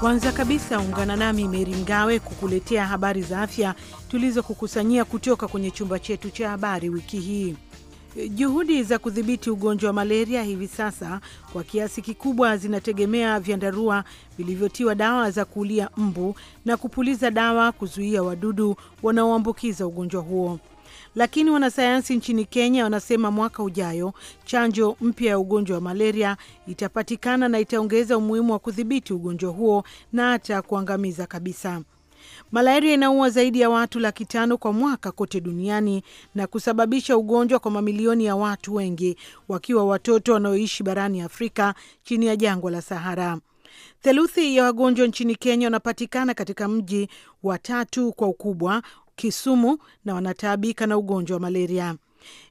Kwanza kabisa ungana nami Meri Mgawe kukuletea habari za afya tulizokukusanyia kutoka kwenye chumba chetu cha habari wiki hii. Juhudi za kudhibiti ugonjwa wa malaria hivi sasa kwa kiasi kikubwa zinategemea vyandarua vilivyotiwa dawa za kuulia mbu na kupuliza dawa kuzuia wadudu wanaoambukiza ugonjwa huo lakini wanasayansi nchini Kenya wanasema mwaka ujayo chanjo mpya ya ugonjwa wa malaria itapatikana na itaongeza umuhimu wa kudhibiti ugonjwa huo na hata kuangamiza kabisa. Malaria inaua zaidi ya watu laki tano kwa mwaka kote duniani na kusababisha ugonjwa kwa mamilioni ya watu, wengi wakiwa watoto wanaoishi barani Afrika chini ya jangwa la Sahara. Theluthi ya wagonjwa nchini Kenya wanapatikana katika mji wa tatu kwa ukubwa Kisumu na wanataabika na ugonjwa wa malaria.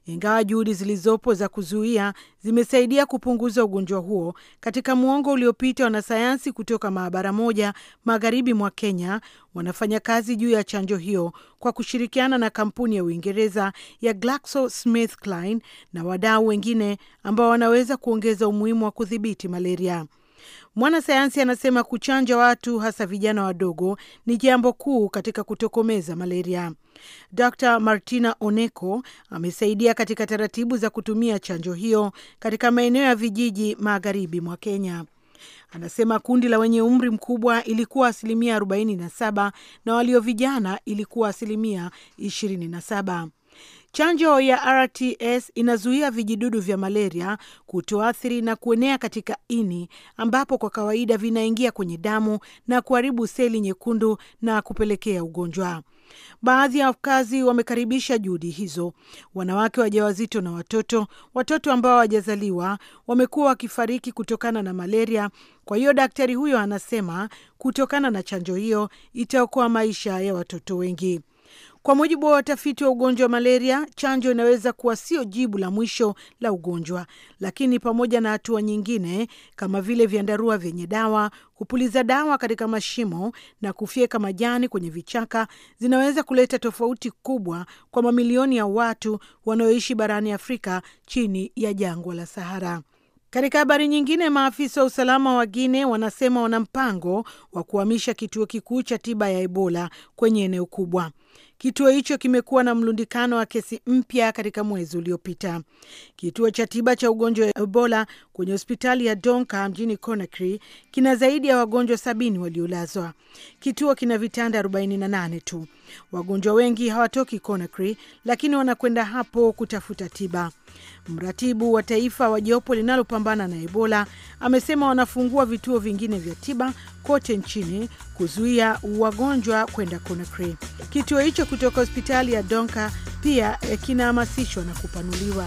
Ingawa juhudi zilizopo za kuzuia zimesaidia kupunguza ugonjwa huo, katika mwongo uliopita wanasayansi kutoka maabara moja magharibi mwa Kenya wanafanya kazi juu ya chanjo hiyo kwa kushirikiana na kampuni ya Uingereza ya GlaxoSmithKline na wadau wengine ambao wanaweza kuongeza umuhimu wa kudhibiti malaria. Mwanasayansi anasema kuchanja watu hasa vijana wadogo ni jambo kuu katika kutokomeza malaria. Dr Martina Oneko amesaidia katika taratibu za kutumia chanjo hiyo katika maeneo ya vijiji magharibi mwa Kenya. Anasema kundi la wenye umri mkubwa ilikuwa asilimia 47 na walio vijana ilikuwa asilimia 27. Chanjo ya RTS inazuia vijidudu vya malaria kutoathiri na kuenea katika ini, ambapo kwa kawaida vinaingia kwenye damu na kuharibu seli nyekundu na kupelekea ugonjwa. Baadhi ya wakazi wamekaribisha juhudi hizo. Wanawake wajawazito na watoto, watoto ambao hawajazaliwa wamekuwa wakifariki kutokana na malaria. Kwa hiyo daktari huyo anasema kutokana na chanjo hiyo itaokoa maisha ya watoto wengi. Kwa mujibu wa watafiti wa ugonjwa wa malaria, chanjo inaweza kuwa sio jibu la mwisho la ugonjwa, lakini pamoja na hatua nyingine kama vile vyandarua vyenye dawa, kupuliza dawa katika mashimo na kufyeka majani kwenye vichaka, zinaweza kuleta tofauti kubwa kwa mamilioni ya watu wanaoishi barani Afrika chini ya jangwa la Sahara. Katika habari nyingine, maafisa wa usalama wa Guine wanasema wana mpango wa kuhamisha kituo kikuu cha tiba ya Ebola kwenye eneo kubwa. Kituo hicho kimekuwa na mlundikano wa kesi mpya katika mwezi uliopita. Kituo cha tiba cha ugonjwa wa Ebola kwenye hospitali ya Donka mjini Conakry kina zaidi ya wagonjwa sabini waliolazwa. Kituo kina vitanda 48 tu. Wagonjwa wengi hawatoki Conakry, lakini wanakwenda hapo kutafuta tiba. Mratibu wa taifa wa jopo linalopambana na Ebola amesema wanafungua vituo vingine vya tiba kote nchini kuzuia wagonjwa kwenda Conakry. Kituo hicho kutoka hospitali ya Donka pia kinahamasishwa na kupanuliwa.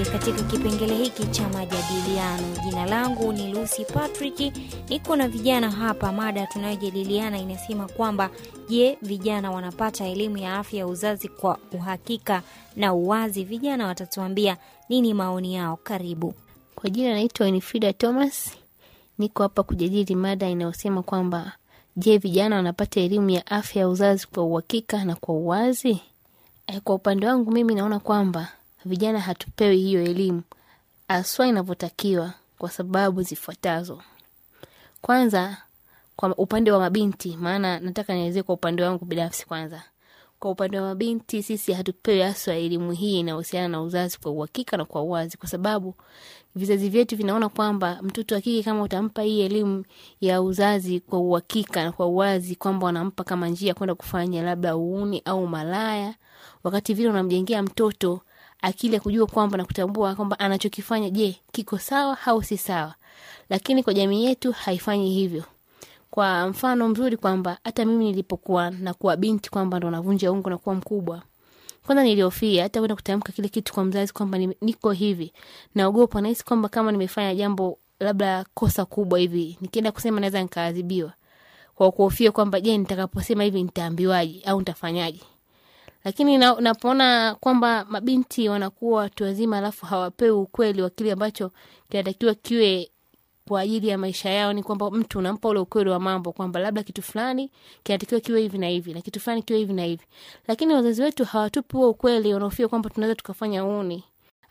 tuingie katika kipengele hiki cha majadiliano. Jina langu ni Lucy Patrick, niko na vijana hapa. Mada tunayojadiliana inasema kwamba je, vijana wanapata elimu ya afya ya uzazi kwa uhakika na uwazi? Vijana watatuambia nini maoni yao. Karibu. Kwa jina naitwa Winifrida Thomas, niko hapa kujadili mada inayosema kwamba je, vijana wanapata elimu ya afya ya uzazi kwa uhakika na kwa uwazi? Eh, kwa upande wangu mimi naona kwamba vijana hatupewi hiyo elimu aswa inavyotakiwa kwa sababu zifuatazo kwanza kwa upande wa mabinti maana nataka nielezee kwa upande wangu binafsi kwanza kwa upande wa mabinti sisi hatupewi aswa elimu hii inayohusiana na uzazi kwa uhakika na kwa uwazi kwa sababu vizazi vyetu vinaona kwamba mtoto wakike kama utampa hii elimu ya uzazi kwa uhakika na kwa uwazi kwamba wanampa kama njia kwenda kufanya labda uuni au malaya wakati vile unamjengea mtoto akili ya kujua kwamba na kutambua kwamba anachokifanya, je, kiko sawa au si sawa. Lakini kwa jamii yetu haifanyi hivyo. Kwa mfano mzuri kwamba hata mimi nilipokuwa na kuwa binti kwamba ndo navunja ungo na kuwa mkubwa, kwanza nilihofia hata kwenda kutamka kile kitu kwa mzazi kwamba niko hivi, naogopa, nahisi kwamba kama nimefanya jambo labda kosa kubwa hivi, nikienda kusema naweza nikaadhibiwa, kwa kuhofia kwamba je, nitakaposema hivi nitaambiwaje au nitafanyaje lakini na, napoona kwamba mabinti wanakuwa watu wazima alafu hawapewi ukweli wa kile ambacho kinatakiwa kiwe kwa ajili ya maisha yao, ni kwamba mtu unampa ule ukweli wa mambo kwamba labda kitu fulani kinatakiwa kiwe hivi na hivi na kitu fulani kiwe hivi na hivi, lakini wazazi wetu hawatupi huo ukweli, wanaofia kwamba tunaweza tukafanya uni.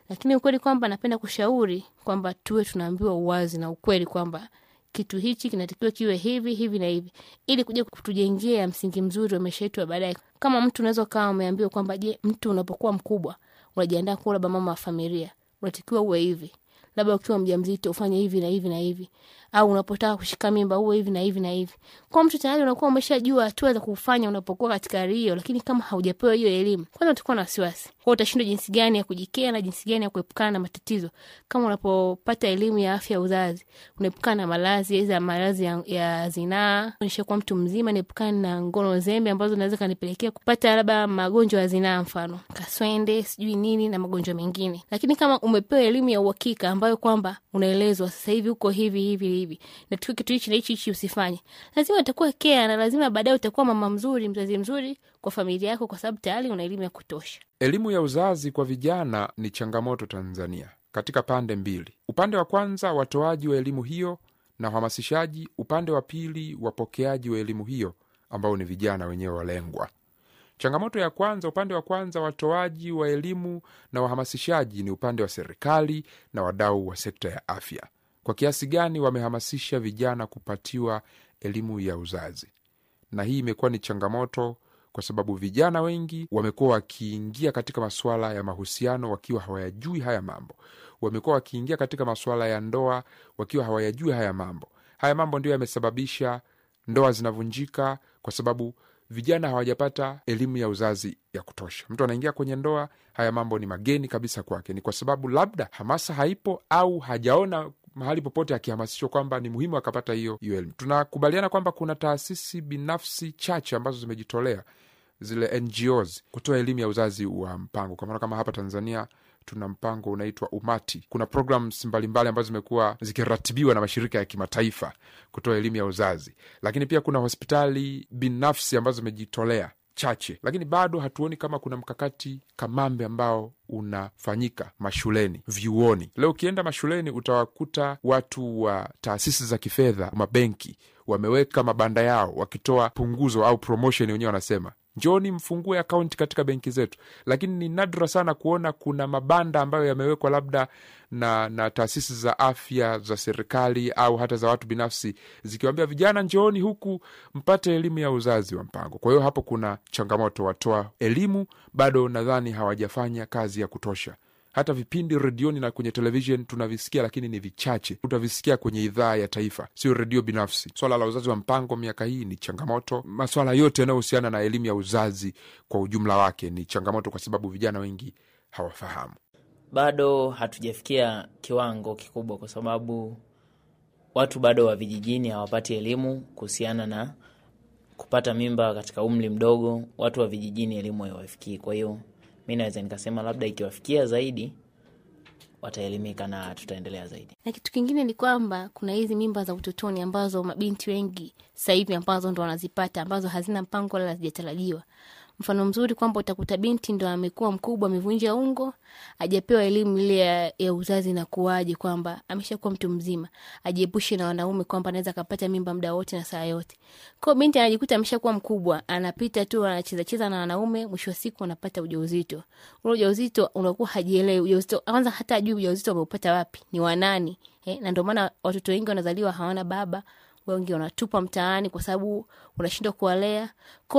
Lakini ukweli kwamba napenda kushauri kwamba tuwe tunaambiwa uwazi na ukweli kwamba kitu hichi kinatakiwa kiwe hivi hivi na hivi, ili kuja kutujengea msingi mzuri wa maisha yetu ya baadaye. Kama mtu unaweza ukawa umeambiwa kwamba, je, mtu unapokuwa mkubwa unajiandaa kuwa labda mama wa familia, unatakiwa uwe hivi, labda ukiwa mjamzito ufanye hivi na hivi na hivi au unapotaka kushika mimba uwe hivi na hivi na hivi. Kwa mtu tayari unakuwa umeshajua hatua za kufanya unapokuwa katika hali hiyo, lakini kama haujapewa hiyo elimu, kwanza utakuwa na wasiwasi. Kwa utashindwa jinsi gani ya kujikea na jinsi gani ya kuepukana na matatizo. Kama unapopata elimu ya afya ya uzazi, unaepukana na maradhi za maradhi ya, ya zinaa. Nishakuwa mtu mzima, naepukana na ngono zembe ambazo naweza kanipelekea kupata labda magonjwa ya zinaa, mfano kaswende, sijui nini na magonjwa mengine. Lakini kama umepewa elimu ya uhakika ambayo kwamba unaelezwa sasa hivi uko hivi hivi hivi na tukiwe kitu hichi na hichi hichi usifanye lazima utakuwa kea na lazima baadaye utakuwa mama mzuri mzazi mzuri kwa familia yako kwa sababu tayari una elimu ya kutosha elimu ya uzazi kwa vijana ni changamoto tanzania katika pande mbili upande wa kwanza watoaji wa elimu hiyo na uhamasishaji upande wa pili wapokeaji wa elimu hiyo ambao ni vijana wenyewe walengwa changamoto ya kwanza upande wa kwanza watoaji wa elimu na wahamasishaji ni upande wa serikali na wadau wa sekta ya afya kwa kiasi gani wamehamasisha vijana kupatiwa elimu ya uzazi na hii imekuwa ni changamoto kwa sababu vijana wengi wamekuwa wakiingia katika masuala ya mahusiano wakiwa hawayajui haya mambo wamekuwa wakiingia katika masuala ya ndoa wakiwa hawayajui haya mambo haya mambo ndio yamesababisha ndoa zinavunjika kwa sababu vijana hawajapata elimu ya uzazi ya kutosha mtu anaingia kwenye ndoa haya mambo ni mageni kabisa kwake ni kwa sababu labda hamasa haipo au hajaona mahali popote akihamasishwa kwamba ni muhimu akapata hiyo hiyo elimu. Tunakubaliana kwamba kuna taasisi binafsi chache ambazo zimejitolea zile NGOs kutoa elimu ya uzazi wa mpango. Kwa mfano kama hapa Tanzania tuna mpango unaitwa Umati. Kuna programs mbalimbali ambazo zimekuwa zikiratibiwa na mashirika ya kimataifa kutoa elimu ya uzazi, lakini pia kuna hospitali binafsi ambazo zimejitolea chache, lakini bado hatuoni kama kuna mkakati kamambe ambao unafanyika mashuleni, vyuoni. Leo ukienda mashuleni utawakuta watu wa taasisi za kifedha, mabenki wameweka mabanda yao wakitoa punguzo au promotion, wenyewe wanasema njoni mfungue akaunti katika benki zetu lakini ni nadra sana kuona kuna mabanda ambayo yamewekwa labda na, na taasisi za afya za serikali au hata za watu binafsi zikiwambia vijana njooni huku mpate elimu ya uzazi wa mpango kwa hiyo hapo kuna changamoto watoa elimu bado nadhani hawajafanya kazi ya kutosha hata vipindi redioni na kwenye televishen tunavisikia, lakini ni vichache. Tutavisikia kwenye idhaa ya taifa, sio redio binafsi. Swala la uzazi wa mpango miaka hii ni changamoto. Maswala yote yanayohusiana na elimu ya uzazi kwa ujumla wake ni changamoto, kwa sababu vijana wengi hawafahamu. Bado hatujafikia kiwango kikubwa, kwa sababu watu bado wa vijijini hawapati elimu kuhusiana na kupata mimba katika umri mdogo. Watu wa vijijini elimu haiwafikii, kwa hiyo mi naweza nikasema labda ikiwafikia zaidi wataelimika na tutaendelea zaidi. Na kitu kingine ni kwamba kuna hizi mimba za utotoni ambazo mabinti wengi sahivi ambazo ndo wanazipata ambazo hazina mpango wala hazijatarajiwa. Mfano mzuri kwamba utakuta binti ndo amekuwa mkubwa, amevunja ungo, ajapewa elimu ile ya, ya uzazi na kuaje, kwamba ameshakuwa mtu mzima, ajiepushe na wanaume, kwamba anaweza akapata mimba muda wote na saa yote. kwao binti anajikuta ameshakuwa mkubwa, anapita tu anachezacheza na wanaume, mwisho wa siku anapata ujauzito. Ule ujauzito unakuwa hajielewi ujauzito, kwanza hata ajui ujauzito ameupata wapi, ni wanani eh, na ndio maana watoto wengi wanazaliwa hawana baba wengi wanatupa mtaani kwa sababu unashindwa kuwalea.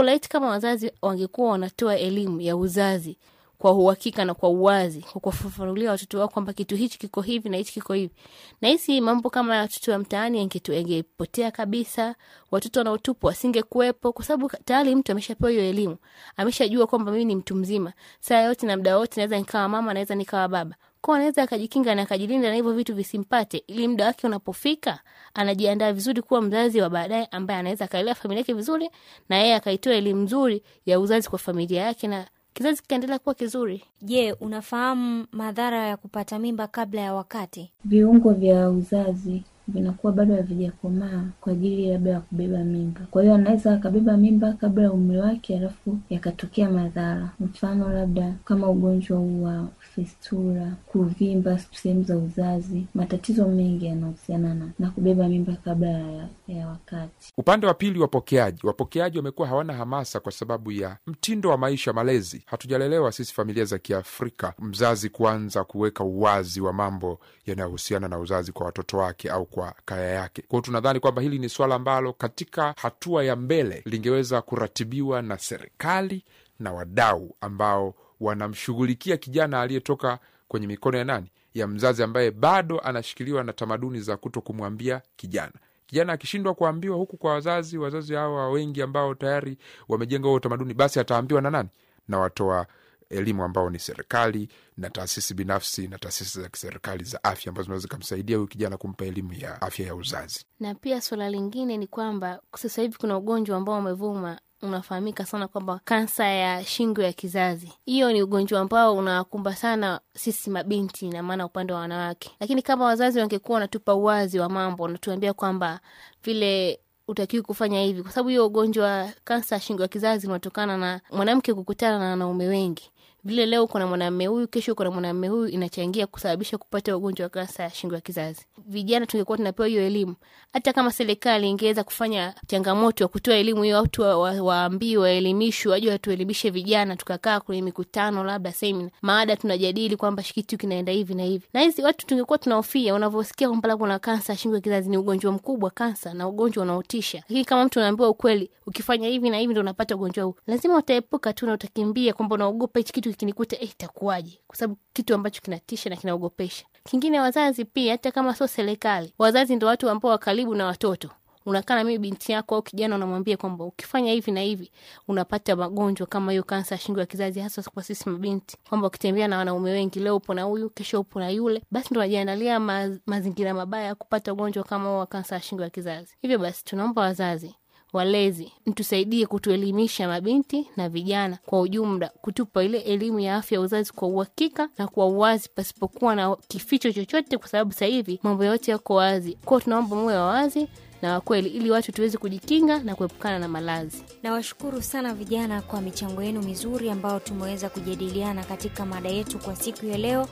Laiti kama wazazi wangekuwa wanatoa elimu ya uzazi kwa uhakika na kwa uwazi, kwa kuwafafanulia watoto wao kwamba kitu hichi kiko hivi na hichi kiko hivi, na hisi mambo kama ya watoto wa mtaani yangepotea kabisa. Watoto wanaotupwa wasingekuwepo, kwa sababu tayari mtu ameshapewa hiyo elimu, ameshajua kwamba mimi ni mtu mzima, saa yote na mda wote naweza nikawa mama, naweza nikawa baba kwa anaweza akajikinga na akajilinda na hivyo vitu visimpate, ili muda wake unapofika anajiandaa vizuri kuwa mzazi wa baadaye ambaye anaweza akalea familia yake vizuri, na yeye akaitoa elimu nzuri ya uzazi kwa familia yake na kizazi kikaendelea kuwa kizuri. Je, unafahamu madhara ya kupata mimba kabla ya wakati? Viungo vya uzazi vinakuwa bado havijakomaa kwa ajili labda ya kubeba mimba. Kwa hiyo anaweza akabeba mimba kabla ya umri wake, alafu yakatokea madhara, mfano labda kama ugonjwa huu wa fistula, kuvimba sehemu za uzazi. Matatizo mengi yanahusiana na, na kubeba mimba kabla ya, ya wakati. Upande wa pili, wapokeaji wapokeaji wamekuwa hawana hamasa kwa sababu ya mtindo wa maisha, malezi. Hatujalelewa sisi familia za Kiafrika mzazi kuanza kuweka uwazi wa mambo yanayohusiana na uzazi kwa watoto wake au kwa kwa kaya yake. kwao tunadhani kwamba hili ni swala ambalo katika hatua ya mbele lingeweza kuratibiwa na serikali na wadau ambao wanamshughulikia kijana aliyetoka kwenye mikono ya nani, ya mzazi ambaye bado anashikiliwa na tamaduni za kuto kumwambia kijana kijana akishindwa kuambiwa huku kwa wazazi, wazazi hawa wengi ambao tayari wamejenga huo utamaduni, basi ataambiwa na nani? Na watoa elimu ambao ni serikali na taasisi binafsi na taasisi za kiserikali za afya ambazo zinaweza zikamsaidia huyu kijana kumpa elimu ya afya ya uzazi. Na pia suala lingine ni kwamba sasa hivi kuna ugonjwa ambao umevuma unafahamika sana kwamba kansa ya shingo ya kizazi. Hiyo ni ugonjwa ambao unawakumba sana sisi mabinti, na maana upande wa wanawake. Lakini kama wazazi wangekuwa wanatupa uwazi wa mambo, wanatuambia kwamba vile utakiwi kufanya hivi, kwa sababu hiyo ugonjwa kansa ya shingo ya kizazi unatokana na mwanamke kukutana na wanaume wengi vile leo kuna mwanamme huyu, kesho kuna mwanamme huyu, inachangia kusababisha kupata ugonjwa wa kansa ya shingo ya kizazi. Vijana tungekuwa tunapewa hiyo elimu, hata kama serikali ingeweza kufanya changamoto ya kutoa elimu hiyo, watu waambii wa, wa waelimishwe, waju watuelimishe vijana, tukakaa kwenye mikutano, labda semina, maada tunajadili kwamba shikitu kinaenda hivi na hivi, na hizi watu tungekuwa tunahofia. Unavyosikia kwamba labda kuna kansa ya shingo ya kizazi, ni ugonjwa mkubwa, kansa na ugonjwa unaotisha, lakini kama mtu unaambiwa ukweli, ukifanya hivi na hivi ndo unapata ugonjwa huu, lazima utaepuka tu na utakimbia kwamba unaogopa hichi kitu likinikuta eh, itakuwaje? Kwa sababu kitu ambacho kinatisha na kinaogopesha. Kingine wazazi pia, hata kama sio serikali, wazazi ndo watu ambao wakaribu na watoto unakaa na mimi binti yako au kijana, unamwambia kwamba ukifanya hivi na hivi unapata magonjwa kama hiyo kansa ya shingo ya kizazi, hasa kwa sisi mabinti, kwamba ukitembea na wanaume wengi, leo upo na huyu, kesho upo na yule, basi ndo wajiandalia ma mazingira mabaya ya kupata ugonjwa kama huo wa kansa ya shingo ya kizazi. Hivyo basi, tunaomba wazazi walezi mtusaidie kutuelimisha mabinti na vijana kwa ujumla, kutupa ile elimu ya afya ya uzazi kwa uhakika na kwa uwazi, pasipokuwa na kificho chochote, kwa sababu sasa hivi mambo yote yako wazi. Kwao tunaomba muwe wa wazi na wakweli ili watu tuweze kujikinga na kuepukana na malazi. Nawashukuru sana vijana kwa michango yenu mizuri ambayo tumeweza kujadiliana katika mada yetu kwa siku ya leo,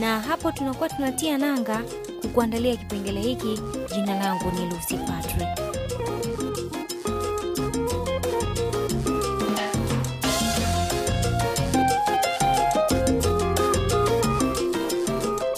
na hapo tunakuwa tunatia nanga kukuandalia kipengele hiki. Jina langu ni Lucy Patrick.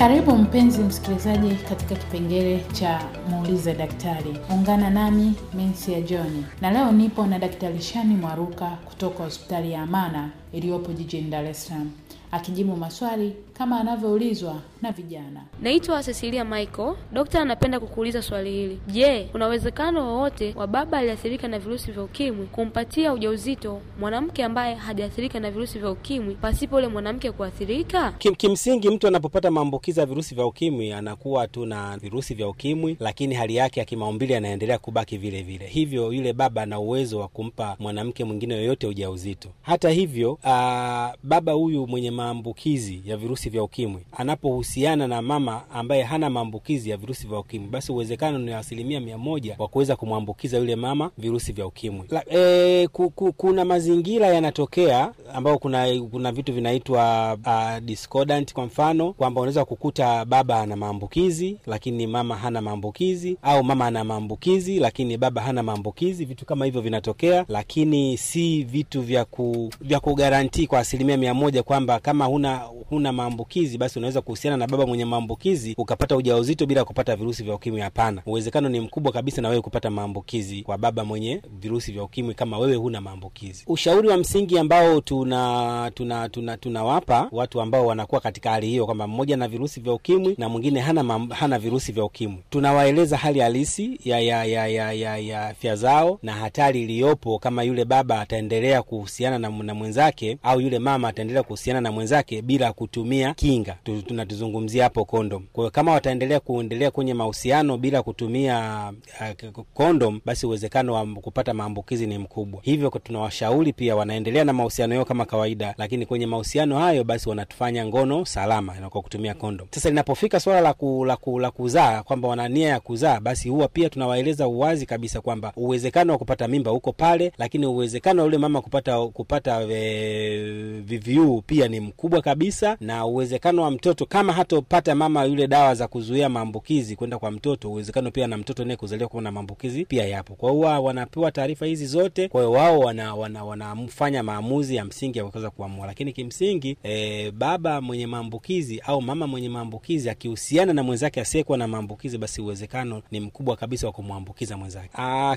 Karibu mpenzi msikilizaji katika kipengele cha muulize daktari. Ungana nami Mensia John, na leo nipo na Daktari Shani Mwaruka kutoka hospitali ya Amana iliyopo jijini Dar es Salaam, akijibu maswali kama anavyoulizwa na vijana. Naitwa Cecilia Michael. Dokta anapenda kukuuliza swali hili. Je, kuna uwezekano wowote wa baba aliathirika na virusi vya ukimwi kumpatia ujauzito mwanamke ambaye hajaathirika na virusi vya ukimwi pasipo ule mwanamke kuathirika? Kim, kimsingi mtu anapopata maambukizi ya virusi vya ukimwi anakuwa tu na virusi vya ukimwi, lakini hali yake ya kimaumbile anaendelea kubaki vile vile. Hivyo yule baba ana uwezo wa kumpa mwanamke mwingine yoyote ujauzito. Hata hivyo, aa, baba huyu mwenye maambukizi ya virusi vya ukimwi anapo kuhusiana na mama ambaye hana maambukizi ya virusi vya ukimwi, basi uwezekano ni asilimia mia moja wa kuweza kumwambukiza yule mama virusi vya ukimwi. E, ku, ku, kuna mazingira yanatokea ambayo kuna, kuna vitu vinaitwa uh, discordant kwa mfano kwamba unaweza kukuta baba ana maambukizi lakini mama hana maambukizi, au mama ana maambukizi lakini baba hana maambukizi. Vitu kama hivyo vinatokea, lakini si vitu vya ku, vya kugarantii kwa asilimia mia moja kwamba kama huna huna maambukizi basi unaweza kuhusiana na baba mwenye maambukizi ukapata ujauzito bila kupata virusi vya ukimwi, hapana. Uwezekano ni mkubwa kabisa na wewe kupata maambukizi kwa baba mwenye virusi vya ukimwi kama wewe huna maambukizi. Ushauri wa msingi ambao tunawapa tuna, tuna, tuna watu ambao wanakuwa katika hali hiyo kwamba mmoja na virusi vya ukimwi na mwingine hana, hana virusi vya ukimwi, tunawaeleza hali halisi ya ya ya ya ya ya afya zao na hatari iliyopo kama yule baba ataendelea kuhusiana na, na mwenzake au yule mama ataendelea kuhusiana na mwenzake bila kutumia kinga. Tunatuzungumza tunazungumzia hapo kondom. Kwa hiyo kama wataendelea kuendelea kwenye mahusiano bila kutumia uh, eh, kondom, basi uwezekano wa kupata maambukizi ni mkubwa. Hivyo tunawashauri pia wanaendelea na mahusiano yao kama kawaida, lakini kwenye mahusiano hayo basi wanatufanya ngono salama kwa kutumia kondom. Sasa linapofika swala la, ku, la, ku, la kuzaa kwamba wana nia ya kuzaa, basi huwa pia tunawaeleza uwazi kabisa kwamba uwezekano wa kupata mimba uko pale, lakini uwezekano wa yule mama kupata kupata eh, viviuu pia ni mkubwa kabisa, na uwezekano wa mtoto kama hatopata mama yule dawa za kuzuia maambukizi kwenda kwa mtoto, uwezekano pia na mtoto naye kuzaliwa kuwa na maambukizi pia yapo. Kwa hiyo wanapewa taarifa hizi zote, kwa hiyo wao wanafanya wana, wana maamuzi ya msingi ya kuweza kuamua, lakini kimsingi e, baba mwenye maambukizi au mama mwenye maambukizi akihusiana na mwenzake asiyekuwa na maambukizi, basi uwezekano ni mkubwa kabisa wa kumwambukiza mwenzake.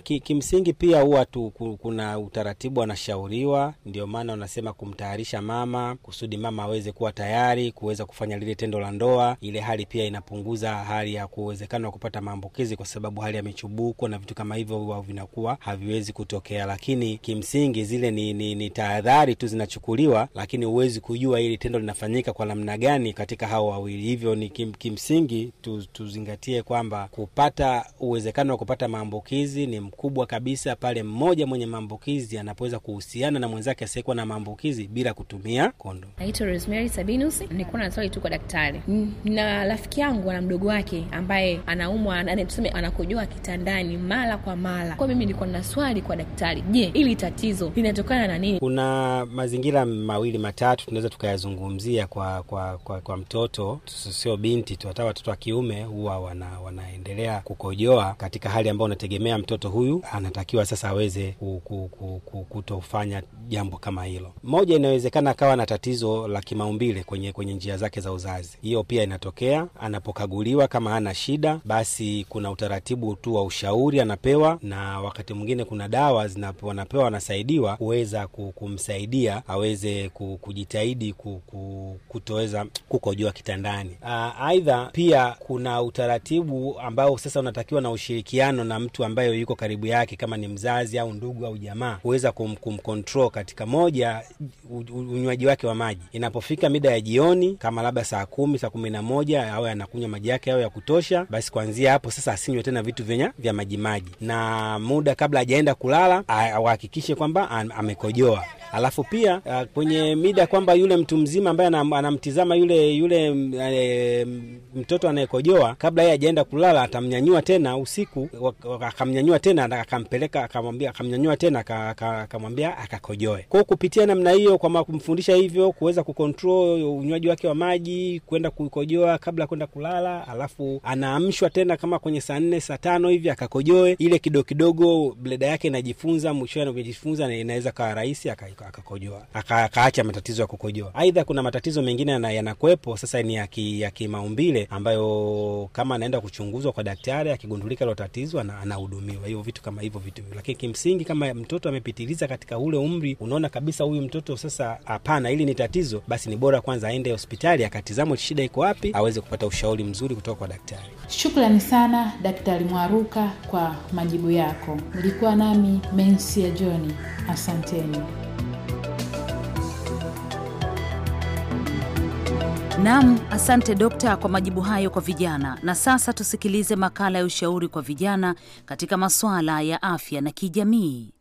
ki, kimsingi pia huwa tu kuna utaratibu anashauriwa, ndio maana wanasema kumtayarisha mama kusudi mama aweze kuwa tayari kuweza kufanya lile tendo la ndoa, ile hali pia inapunguza hali ya kuwezekana kupata maambukizi, kwa sababu hali ya michubuko na vitu kama hivyo huwa vinakuwa haviwezi kutokea. Lakini kimsingi zile ni, ni, ni tahadhari tu zinachukuliwa, lakini huwezi kujua ili tendo linafanyika kwa namna gani katika hao wawili. Hivyo ni kim, kimsingi tu, tuzingatie kwamba kupata uwezekano wa kupata maambukizi ni mkubwa kabisa pale mmoja mwenye maambukizi anapoweza kuhusiana na mwenzake asiyekuwa na maambukizi bila kutumia kondo. Naitwa Rosemary Sabinus, nilikuwa na swali tu kwa daktari na rafiki yangu ana mdogo wake ambaye anaumwa, tuseme anakojoa kitandani mara kwa mara. Kwa mimi nilikuwa na swali kwa daktari, je, hili tatizo linatokana na nini? Kuna mazingira mawili matatu tunaweza tukayazungumzia kwa, kwa, kwa, kwa mtoto, sio binti tu, hata watoto wa kiume huwa wana, wanaendelea kukojoa katika hali ambayo unategemea mtoto huyu anatakiwa sasa aweze kutofanya jambo kama hilo. Moja, inawezekana akawa na tatizo la kimaumbile kwenye, kwenye njia zake za uzazi hiyo pia inatokea. Anapokaguliwa kama hana shida, basi kuna utaratibu tu wa ushauri anapewa, na wakati mwingine kuna dawa wanapewa, wanasaidiwa kuweza kumsaidia aweze kujitahidi kutoweza kukojoa kitandani. Ah, aidha, pia kuna utaratibu ambao sasa unatakiwa na ushirikiano na mtu ambaye yuko karibu yake, kama ni mzazi au ndugu au jamaa, kuweza kumkontrol katika moja unywaji wake wa maji. Inapofika mida ya jioni, kama labda saa kumi kumi, saa kumi na moja awe anakunywa maji yake yao ya kutosha, basi kuanzia hapo sasa asinywe tena vitu vyenya vya majimaji, na muda kabla hajaenda kulala ahakikishe kwamba amekojoa. Alafu pia a, kwenye mida kwamba yule mtu mzima ambaye anamtizama yule yule e, mtoto anayekojoa kabla yeye ajaenda kulala, atamnyanyua tena usiku, akamnyanyua tena akampeleka, akamwambia, akamnyanyua tena akamwambia akakojoe. Kwa kupitia namna hiyo, kwa kumfundisha hivyo kuweza kukontrol unywaji wake wa maji kwenda kuikojoa kabla kwenda kulala, alafu anaamshwa tena kama kwenye saa nne saa tano hivi akakojoe ile kidogo kidogo, bleda yake inajifunza, mwishowe anavyojifunza inaweza kawa rahisi akakojoa, akaacha matatizo ya kukojoa. Aidha, kuna matatizo mengine yanakuwepo sasa ni ya kimaumbile, ambayo kama anaenda kuchunguzwa kwa daktari, akigundulika lo tatizo anahudumiwa, hivyo vitu kama hivyo vitu. Lakini kimsingi kama mtoto amepitiliza katika ule umri, unaona kabisa huyu mtoto sasa, hapana, hili ni tatizo, basi ni bora kwanza aende hospitali akatizamwe shida iko wapi, aweze kupata ushauri mzuri kutoka kwa daktari. Shukrani sana Daktari Mwaruka kwa majibu yako. Nilikuwa nami Mensia joni asanteni. Nam, asante dokta kwa majibu hayo kwa vijana. Na sasa tusikilize makala ya ushauri kwa vijana katika masuala ya afya na kijamii.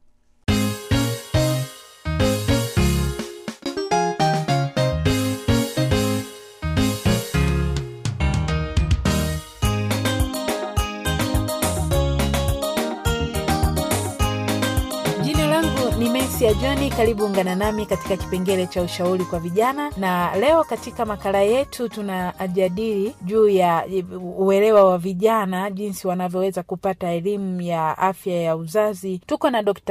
ya John, karibu ungana nami katika kipengele cha ushauri kwa vijana, na leo katika makala yetu tunajadili juu ya uelewa wa vijana, jinsi wanavyoweza kupata elimu ya afya ya uzazi. Tuko na dkt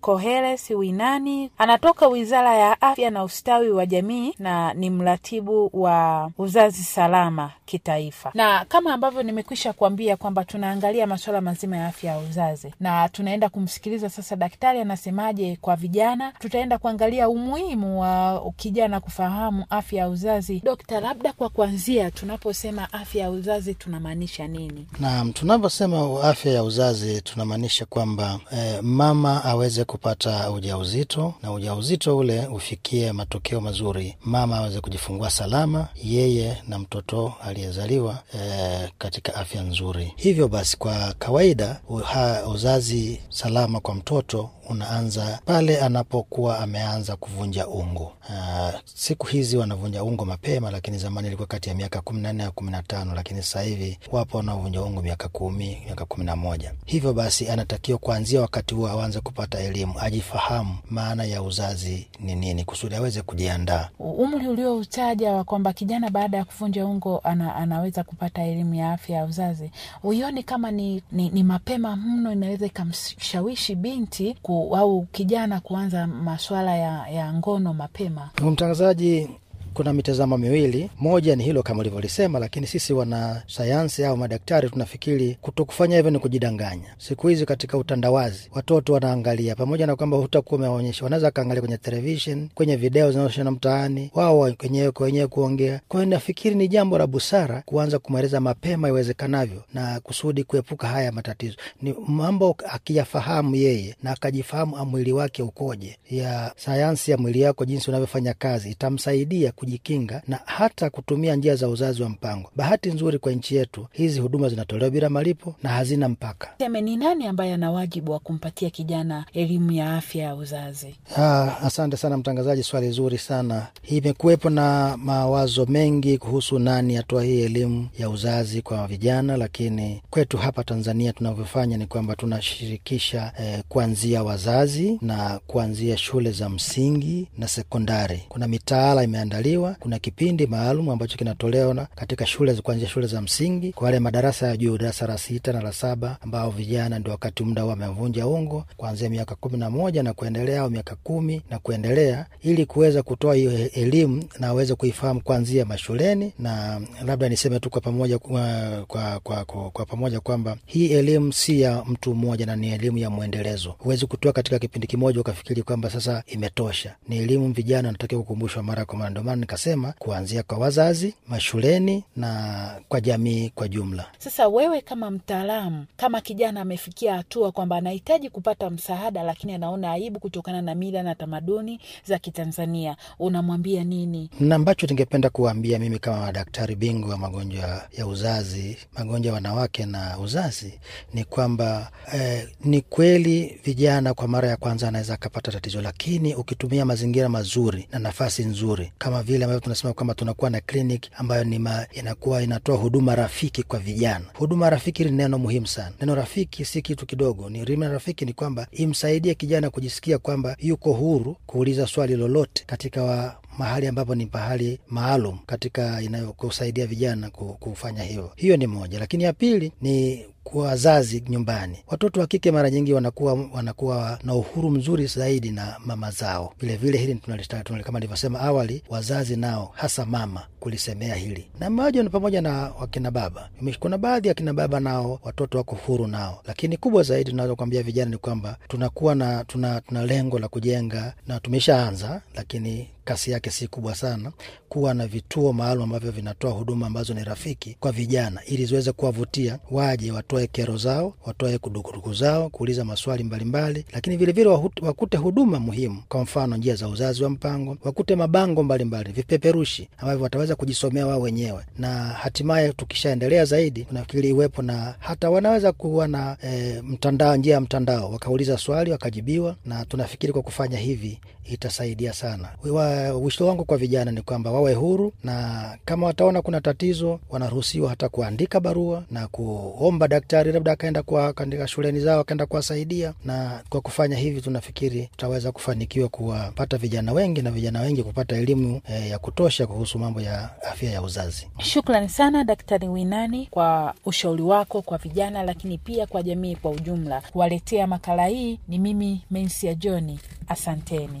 Koheles Winani, anatoka Wizara ya Afya na Ustawi wa Jamii na ni mratibu wa uzazi salama kitaifa, na kama ambavyo nimekwisha kuambia kwamba tunaangalia masuala mazima ya afya ya uzazi na tunaenda kumsikiliza sasa daktari anasemaje kwa vijana vijana. Tutaenda kuangalia umuhimu wa kijana kufahamu afya ya uzazi. Dokta, labda kwa kuanzia, tunaposema afya ya uzazi tunamaanisha nini? Naam, tunaposema afya ya uzazi tunamaanisha kwamba eh, mama aweze kupata ujauzito na ujauzito ule ufikie matokeo mazuri, mama aweze kujifungua salama, yeye na mtoto aliyezaliwa eh, katika afya nzuri. Hivyo basi, kwa kawaida uha, uzazi salama kwa mtoto unaanza pale anapokuwa ameanza kuvunja ungo. Aa, ah, siku hizi wanavunja ungo mapema, lakini zamani ilikuwa kati ya miaka kumi na nne na kumi na tano, lakini sasa hivi wapo wanaovunja ungo miaka kumi, miaka kumi na moja. Hivyo basi anatakiwa kuanzia wakati huo aanze kupata elimu, ajifahamu maana ya uzazi ni nini, kusudi aweze kujiandaa. Umri ulioutaja wa kwamba kijana baada ya kuvunja ungo ana, anaweza kupata elimu ya afya ya uzazi, huioni kama ni, ni, ni mapema mno, inaweza ikamshawishi binti ku, au kijana kuanza maswala ya, ya ngono mapema. Mtangazaji, kuna mitazamo miwili, moja ni hilo kama ulivyolisema, lakini sisi wana sayansi au madaktari tunafikiri kutokufanya hivyo ni kujidanganya. Siku hizi katika utandawazi watoto wanaangalia, pamoja na kwamba hutakuwa umewaonyesha, wanaweza kaangalia kwenye televishen, kwenye video zinazoshana mtaani, wao wenyewe kwa wenyewe kuongea. Kwa nafikiri ni jambo la busara kuanza kumweleza mapema iwezekanavyo, na kusudi kuepuka haya matatizo. Ni mambo akiyafahamu yeye na akajifahamu mwili wake ukoje, ya sayansi ya mwili yako jinsi unavyofanya kazi itamsaidia kujikinga na hata kutumia njia za uzazi wa mpango. Bahati nzuri kwa nchi yetu, hizi huduma zinatolewa bila malipo na hazina mpaka. Seme, ni nani ambaye ana wajibu wa kumpatia kijana elimu ya afya ya uzazi? Ha, asante sana mtangazaji, swali zuri sana. Imekuwepo na mawazo mengi kuhusu nani atoa hii elimu ya uzazi kwa vijana, lakini kwetu hapa Tanzania tunavyofanya ni kwamba tunashirikisha eh, kuanzia wazazi na kuanzia shule za msingi na sekondari. Kuna mitaala imeandaliwa kuandaliwa. Kuna kipindi maalum ambacho kinatolewa katika shule kuanzia shule za msingi kwa wale madarasa ya juu, darasa la sita na la saba, ambao vijana ndio wakati muda huo wamevunja ungo kuanzia miaka kumi na moja na kuendelea au miaka kumi na kuendelea, ili kuweza kutoa hiyo e, elimu na aweze kuifahamu kuanzia mashuleni. Na labda niseme tu kwa pamoja kwa, uh, kwa, kwa, kwa, kwa pamoja kwamba hii elimu si ya mtu mmoja na ni elimu ya mwendelezo. Huwezi kutoa katika kipindi kimoja ukafikiri kwamba sasa imetosha. Ni elimu vijana wanatakiwa kukumbushwa mara kwa mara, ndio maana nikasema kuanzia kwa wazazi, mashuleni na kwa jamii kwa jumla. Sasa wewe kama mtaalamu, kama kijana amefikia hatua kwamba anahitaji kupata msaada, lakini anaona aibu kutokana na mila na tamaduni za Kitanzania, unamwambia nini? Na ambacho ningependa kuwambia mimi kama daktari bingwa wa magonjwa ya uzazi, magonjwa ya wanawake na uzazi ni kwamba eh, ni kweli vijana kwa mara ya kwanza anaweza akapata tatizo, lakini ukitumia mazingira mazuri na nafasi nzuri kama vile ambavyo tunasema kwamba tunakuwa na kliniki ambayo ni ma, inakuwa inatoa huduma rafiki kwa vijana. Huduma rafiki ni neno muhimu sana. Neno rafiki si kitu kidogo, ni rima rafiki ni kwamba imsaidie kijana kujisikia kwamba yuko huru kuuliza swali lolote katika wa mahali ambapo ni pahali maalum katika inayokusaidia vijana kufanya hivyo. Hiyo ni moja, lakini ya pili ni kwa wazazi nyumbani. Watoto wa kike mara nyingi wanakuwa wanakuwa na uhuru mzuri zaidi na mama zao. Vilevile hili kama nilivyosema awali, wazazi nao hasa mama kulisemea hili na maji ni pamoja na wakina baba. Kuna baadhi ya kina baba nao watoto wako huru nao, lakini kubwa zaidi tunaweza kuambia vijana ni kwamba tunakuwa na tuna, tuna lengo la kujenga na tumeshaanza, lakini kasi yake si kubwa sana, kuwa na vituo maalum ambavyo vinatoa huduma ambazo ni rafiki kwa vijana, ili ziweze kuwavutia waje, watoe kero zao, watoe kudukuduku zao, kuuliza maswali mbalimbali mbali. Lakini vilevile wakute huduma muhimu, kwa mfano njia za uzazi wa mpango, wakute mabango mbalimbali mbali, vipeperushi ambavyo wataweza kujisomea wao wenyewe, na hatimaye tukishaendelea zaidi, nafikiri iwepo na hata wanaweza kuwa na e, mtandao, njia ya mtandao, wakauliza swali wakajibiwa, na tunafikiri kwa kufanya hivi itasaidia sana wa, uh, uh, wangu kwa vijana ni kwamba wawe huru, na kama wataona kuna tatizo wanaruhusiwa hata kuandika barua na kuomba daktari labda akaenda katika shuleni zao akaenda kuwasaidia, na kwa kufanya hivi tunafikiri tutaweza kufanikiwa kuwapata vijana wengi na vijana wengi kupata elimu eh, ya kutosha kuhusu mambo ya afya ya uzazi. Shukrani sana Daktari Winani kwa ushauri wako kwa vijana, lakini pia kwa jamii kwa ujumla. Kuwaletea makala hii ni mimi Mensia Johni, asanteni.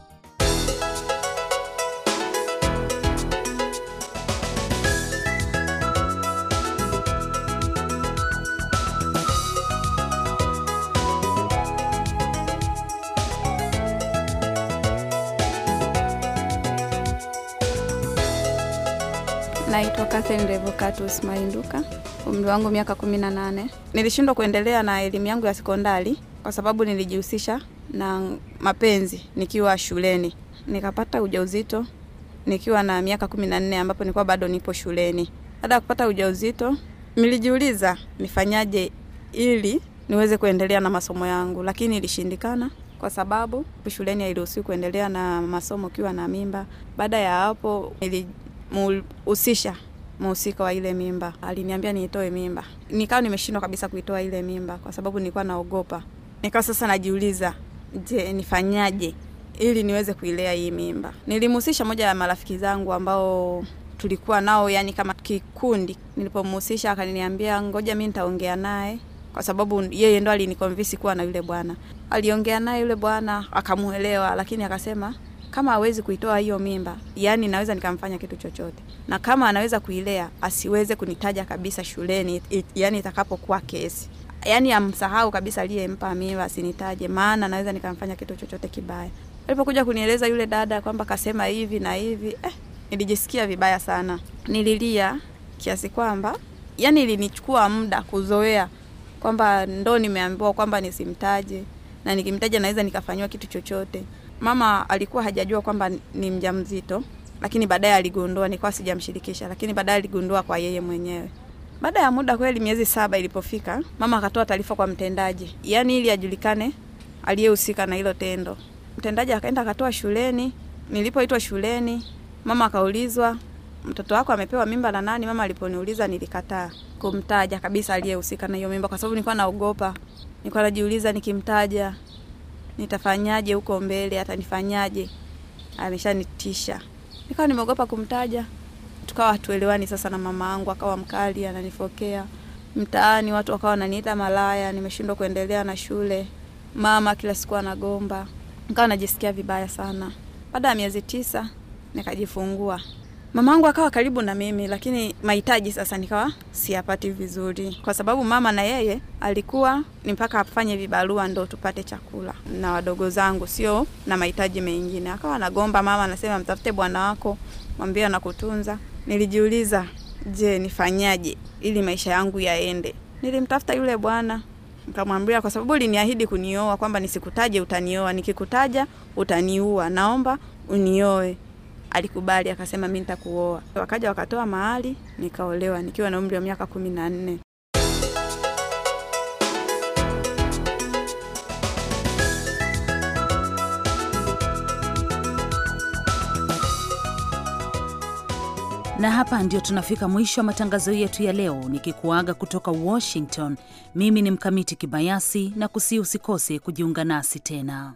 Catherine Revocatus Mainduka, umri wangu miaka 18. Nilishindwa kuendelea na elimu yangu ya sekondari kwa sababu nilijihusisha na mapenzi nikiwa shuleni. Nikapata ujauzito nikiwa na miaka 14 ambapo nilikuwa bado nipo shuleni. Baada ya kupata ujauzito, nilijiuliza nifanyaje ili niweze kuendelea na masomo yangu, lakini ilishindikana kwa sababu shuleni hairuhusiwi kuendelea na masomo ukiwa na mimba. Baada ya hapo nilijihusisha mhusika wa ile mimba aliniambia niitoe mimba, nikawa nimeshindwa kabisa kuitoa ile mimba kwa sababu nilikuwa naogopa. Nikawa sasa najiuliza, je, nifanyaje ili niweze kuilea hii mimba? Nilimhusisha moja ya marafiki zangu ambao tulikuwa nao yani kama kikundi. Nilipomhusisha akaniambia ngoja mi nitaongea naye, kwa sababu yeye ndo alinikonvisi kuwa na yule bwana. Aliongea naye yule bwana akamuelewa, lakini akasema kama hawezi kuitoa hiyo mimba, yani naweza nikamfanya kitu chochote, na kama anaweza kuilea asiweze kunitaja kabisa shuleni it, it, yani itakapokuwa kesi yani amsahau kabisa aliyempa mimba asinitaje, maana naweza nikamfanya kitu chochote kibaya. Alipokuja kunieleza yule dada kwamba kasema hivi na hivi eh, nilijisikia vibaya sana, nililia kiasi kwamba yani ilinichukua muda kuzoea kwamba ndo nimeambiwa kwamba nisimtaje na nikimtaja naweza nikafanyiwa kitu chochote mama alikuwa hajajua kwamba ni mjamzito, lakini baadaye aligundua. Nilikuwa sijamshirikisha, lakini baadaye aligundua kwa yeye mwenyewe. Baada ya muda kweli, miezi saba ilipofika, mama akatoa taarifa kwa mtendaji, yaani ili ajulikane aliyehusika na hilo tendo. Mtendaji akaenda akatoa shuleni. Nilipoitwa shuleni, mama akaulizwa, mtoto wako amepewa mimba na nani? Mama aliponiuliza, nilikataa kumtaja kabisa aliyehusika na hiyo mimba, kwa sababu nilikuwa naogopa, nilikuwa najiuliza nikimtaja nitafanyaje huko mbele, atanifanyaje? Ameshanitisha. Nikawa nimeogopa kumtaja, tukawa hatuelewani. Sasa na mama yangu akawa mkali, ananifokea mtaani, watu wakawa wananiita malaya, nimeshindwa kuendelea na shule. Mama kila siku anagomba, nikawa najisikia vibaya sana. Baada ya miezi tisa nikajifungua mama angu akawa karibu na mimi, lakini mahitaji sasa nikawa siyapati vizuri, kwa sababu mama na yeye alikuwa ni mpaka afanye vibarua ndo tupate chakula, na wadogo zangu sio na mahitaji mengine. Akawa nagomba mama, anasema mtafute bwana wako, mwambie anakutunza. Nilijiuliza, je, nifanyaje ili maisha yangu yaende? Nilimtafuta yule bwana nikamwambia, kwa sababu uliniahidi kunioa, kwamba nisikutaje utanioa, nikikutaja utaniua, naomba unioe alikubali akasema, mi nitakuoa. Wakaja wakatoa mahali, nikaolewa nikiwa na umri wa miaka kumi na nne. Na hapa ndio tunafika mwisho wa matangazo yetu ya leo, nikikuaga kutoka Washington. Mimi ni Mkamiti Kibayasi na kusii usikose kujiunga nasi tena.